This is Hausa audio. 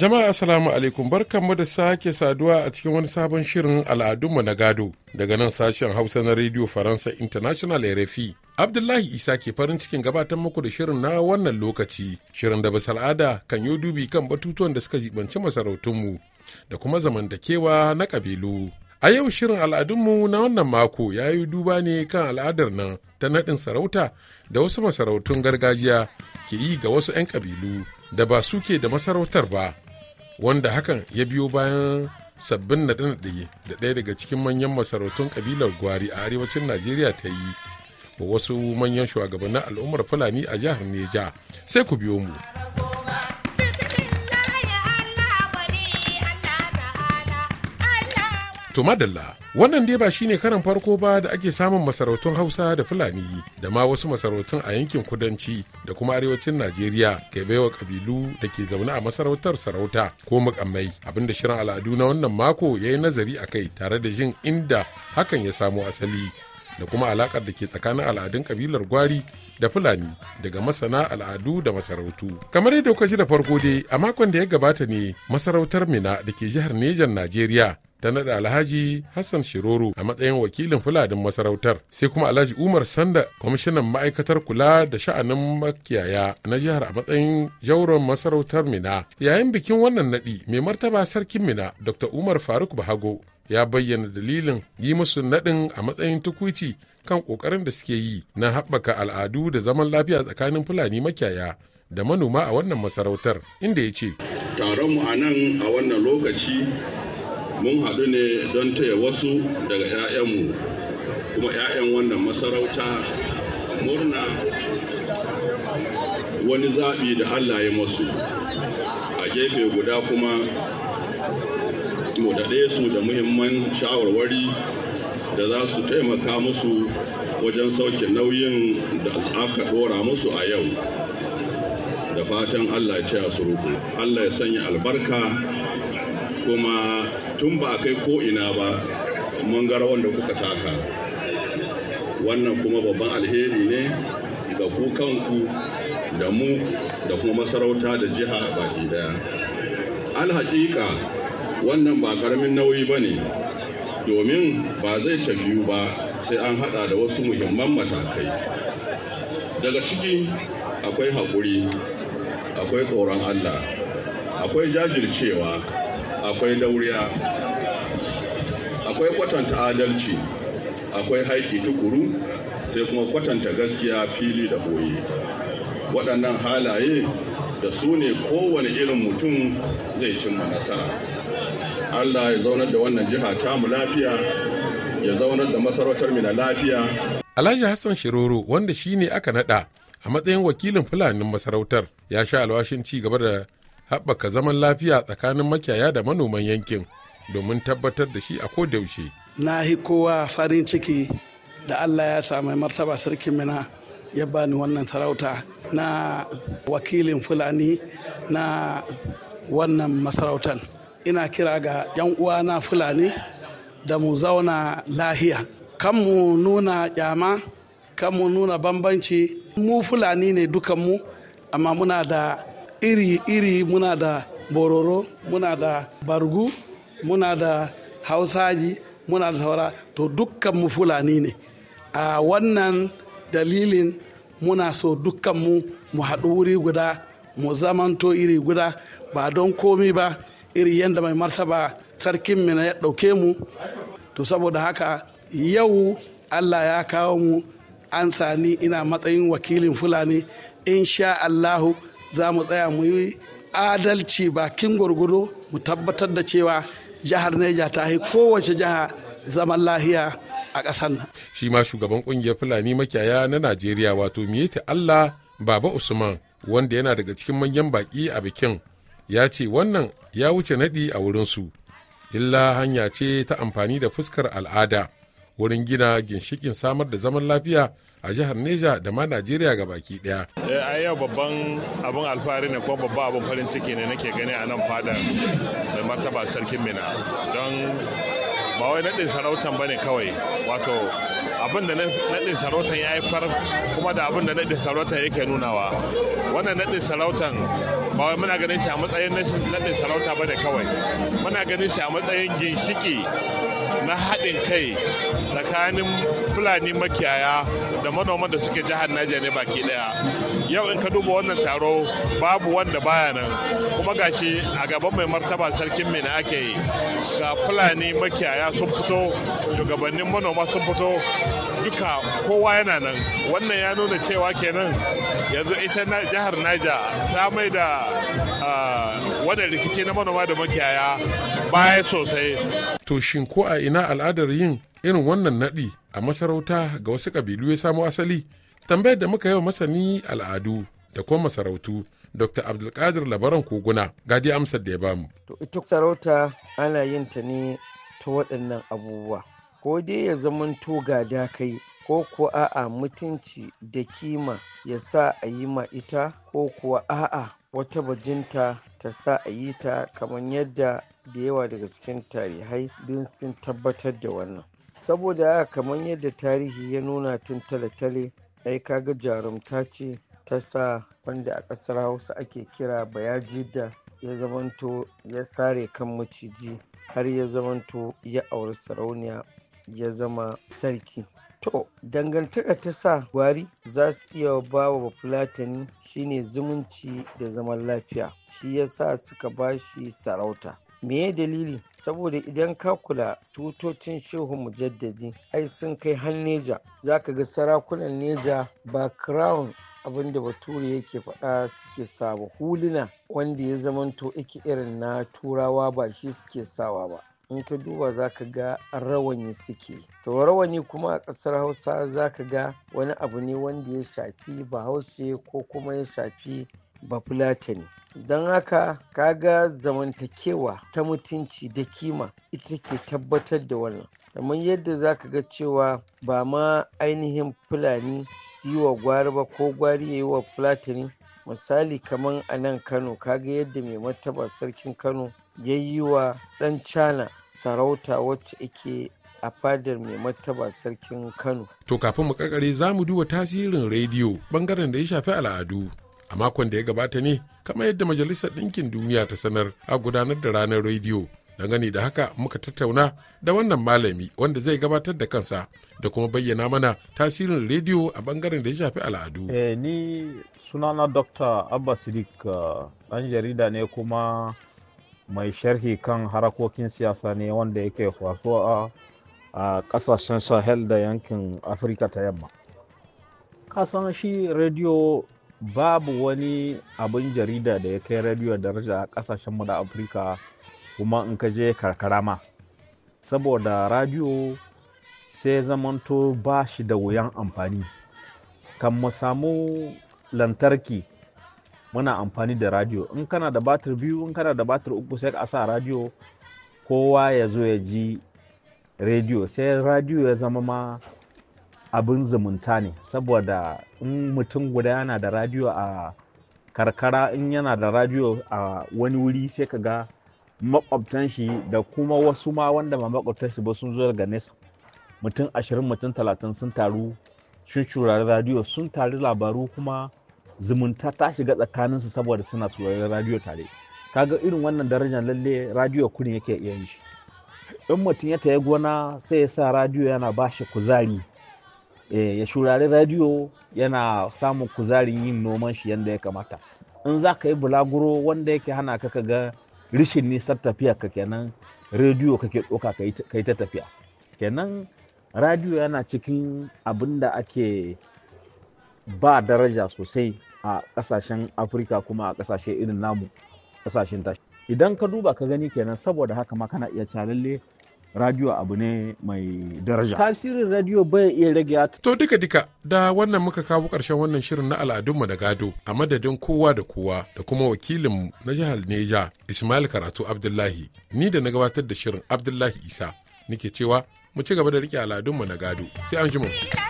Jama'a Assalamu alaikum barkanmu da sake saduwa a cikin wani sabon shirin al'adunmu na gado daga nan sashen Hausa na Radio Faransa International RFI. Abdullahi Isa ke farin cikin gabatar muku da shirin na wannan lokaci. Shirin da basal al'ada kan yi dubi kan batutuwan da suka jibanci masarautunmu da kuma zamantakewa na kabilu A yau shirin al'adunmu na wannan mako ya yi duba ne kan al'adar nan ta naɗin sarauta da wasu masarautun gargajiya ke yi ga wasu 'yan ƙabilu. da ba suke da masarautar ba wanda hakan ya biyo bayan sabbin naɗe-naɗe da ɗaya daga cikin manyan masarautun ƙabilar gwari a arewacin najeriya ta yi wa wasu manyan shugabannin al'ummar fulani a jihar neja sai ku biyo mu. To madalla, wannan dai ba shine karan farko ba da ake samun masarautun Hausa da Fulani da ma wasu masarautun a yankin kudanci da kuma arewacin Najeriya ke baiwa kabilu da ke zaune a masarautar sarauta ko mukammai abinda shirin al'adu na wannan mako ya yi nazari a kai tare da jin inda hakan ya samo asali. da kuma alakar da ke tsakanin al'adun kabilar gwari da fulani daga masana al'adu da masarautu kamar yadda kuka ji da farko dai a makon da ya gabata ne masarautar mina da ke jihar nejan najeriya ta naɗa alhaji hassan shiroro a matsayin wakilin fuladin masarautar sai kuma alhaji umar sanda kwamishinan ma'aikatar kula da sha'anin makiyaya na jihar a matsayin jauron masarautar mina yayin bikin wannan naɗi mai martaba sarkin mina dr umar faruk bahago ya bayyana dalilin yi musu naɗin a matsayin tukuci kan ƙoƙarin da suke yi na haɓaka al'adu da zaman lafiya tsakanin fulani makiyaya da manoma a wannan masarautar inda ya ce mu a nan a wannan lokaci mun haɗu ne don taya wasu daga 'ya'yanmu kuma 'ya'yan wannan masarauta murna wani zaɓi da allah ya masu a gefe guda kuma da daɗe su da muhimman shawarwari da za su taimaka musu wajen sauke nauyin da aka dora musu a yau da fatan allah ya su ruku allah ya sanya albarka kuma tun ba a kai ko'ina ba mun gara wanda kuka taka wannan kuma babban alheri ne ga ku kanku da mu da kuma masarauta da jiha baki daya alhaƙiƙa wannan ba karamin nauyi ba ne domin ba zai tafiyu ba sai an hada da wasu muhimman matakai daga ciki akwai haƙuri akwai tsoron allah akwai jajircewa akwai dauriya akwai kwatanta adalci akwai haiki tukuru sai kuma kwatanta gaskiya fili da boye waɗannan halaye da su ne kowane irin mutum zai cimma nasara Allah ya zaunar da wannan jiha tamu lafiya ya zaunar da masarautar mu na lafiya Alhaji Hassan Shiroro wanda shine aka nada a matsayin wakilin Fulanin masarautar ya sha alwashin ci gaba da haɓaka zaman lafiya tsakanin makiyaya da manoman yankin domin tabbatar da shi a ko yaushe. Na hi kowa farin ciki da Allah ya sami martaba sarkin mina ya bani wannan sarauta na wakilin Fulani na wannan masarautar. ina kira ga 'yan na fulani da mu zauna lahiya kan mu nuna kyama kan mu nuna bambanci mu fulani ne dukanmu amma muna da iri-iri muna da bororo muna da bargu muna da hausaji muna da saura to dukkanmu fulani ne a wannan dalilin muna so dukkanmu mu haɗu wuri guda mu zamanto iri guda ba don komi ba irin yadda mai martaba sarkin na ya ɗauke mu to saboda haka yau allah ya kawo mu an sani ina matsayin wakilin fulani insha allahu za mu tsaya mu yi adalci bakin gwargwado mu tabbatar da cewa jihar neja ta yi kowace jiha zaman lahiya a ƙasar nan shi ma shugaban ƙungiyar fulani makiyaya na najeriya wato miyeti allah baba usman wanda yana daga cikin manyan baki a bikin ya ce wannan ya wuce naɗi a wurinsu illa hanya ce ta amfani da fuskar al'ada wurin gina ginshikin samar da zaman lafiya a jihar neja da ma najeriya ga baki daya eh, a yau babban abin alfahari ne kuma babban abin farin ciki ne nake gani a nan fadar da martaba sarkin mina don ba wai naɗin sarautan ba ne kawai wato abin da naɗin sarautan ya haifar kuma da abin da naɗin sarautan yake nunawa wannan naɗin sarautan ba wai muna ganin shi a matsayin naɗin sarauta ba ne kawai muna ganin shi a matsayin ginshiki na haɗin kai tsakanin fulani makiyaya da manoman da suke jihar Niger ne baki daya yau in ka duba wannan taro babu wanda baya nan kuma gashi a gaban mai martaba sarkin mai na ake yi ga fulani makiyaya sun fito shugabannin manoma sun fito duka kowa yana nan wannan ya nuna cewa kenan yanzu ita jihar Niger ta mai da wadda rikici na manoma da makiyaya baya sosai. To shin ko a ina al'adar yin irin wannan naɗi a masarauta ga wasu ƙabilu ya samo asali? Tambayar da muka yawa masani al'adu da kuma masarautu Dr. Abdulkadir Labaran Koguna gadi amsar da ya bamu. To ita sarauta ana yin ta ne ta waɗannan abubuwa. Ko dai ya zamanto gada kai ko kuwa a'a mutunci da kima ya sa a yi ma ita ko kuwa a'a wata bajinta ta sa a yi ta kamar yadda da yawa daga cikin tarihai don sun tabbatar da wannan saboda kamar yadda tarihi ya nuna tun tale-tale ai ga jarumta ce ta sa wanda a ƙasar hausa ake kira bayaji da ya zamanto ya sare kan maciji har ya zamanto ya auri sarauniya ya zama sarki To, dangantaka ta sa gwari za su iya ba wa Fulatani shine zumunci da zaman lafiya, shi ya sa suka ba shi sarauta. meye dalili saboda idan ka kula tutocin shehu mujaddadi ai sun kai har neja za ka ga sarakunan neja ba crown abin da bature yake faɗa suke sawa huluna wanda ya zamanto iki irin na turawa ba shi suke sawa ba in ka duba za ka ga rawani suke to rawani kuma a ƙasar hausa za ka ga wani abu ne wanda ya shafi bahaushe ko kuma ya shafi bafulatani don haka ka ga zamantakewa ta mutunci da kima ita ke tabbatar da wannan kamar yadda za ka ga cewa ba ma ainihin fulani su yi wa gwari ba ko gwari ya yi wa fulatani misali kamar a nan kano ka ga yadda mai martaba sarkin kano ya yi wa ɗan cana sarauta wacce ake a fadar mai martaba sarkin kano to kafin mu kakare za mu duba tasirin rediyo bangaren da ya shafi al'adu a makon da ya gabata ne kamar yadda majalisar ɗinkin duniya ta sanar a gudanar da ranar rediyo dangane da haka muka tattauna da wannan malami wanda zai gabatar da kansa da kuma bayyana mana tasirin rediyo a bangaren da ya shafi al'adu eh, ni sunana dr abba sidik eh, ɗan jarida ne kuma mai sharhi kan harakokin siyasa ne wanda yake faruwa a kasashen sahel da yankin afirka ta yamma kasan shi rediyo babu wani abin jarida da ya kai rediyo daraja a kasashenmu da afirka kuma in ka je karkara ma saboda radiyo sai zamanto ba shi da wuyan amfani kan mu samu lantarki muna amfani da radio in kana da batir biyu in kana da batir uku sai a sa radio kowa ya zo ya ji radio sai radio ya zama ma abin zumunta ne saboda in mutum guda yana da radio a karkara in yana da radio a wani wuri sai ka ga makwabtan shi da kuma wasu ma wanda ma makwabtan shi ba sun zo daga nesa mutum ashirin mutum talatin sun taru sun curari radio sun tari labaru kuma zumunta ta shiga tsakaninsu saboda suna sauraron radio tare kaga irin wannan darajar lalle radio kun yake iya yi in mutum ya tayi gona sai ya sa radio yana ba shi kuzari eh, ya shurari radio yana samun kuzarin yin noman shi yadda ya kamata in za ka yi bulaguro wanda yake hana ka ka ga rishin nisan tafiya ka kenan rediyo kake ɗauka ka yi ta tafiya kenan radiyo yana cikin abin da ake ba daraja sosai a kasashen afirka kuma a kasashe irin namu kasashen tashi idan ka duba ka gani kenan saboda haka ma kana iya calalle radio abu ne mai daraja tasirin radio bai iya rage to duka duka da wannan muka kawo karshen wannan shirin na al'adunmu da gado a madadin kowa da kowa da kuma wakilin na jihar neja ismail karatu abdullahi ni da na gabatar da shirin abdullahi isa nike cewa mu ci gaba da rike al'adunmu na gado sai an jima. mu.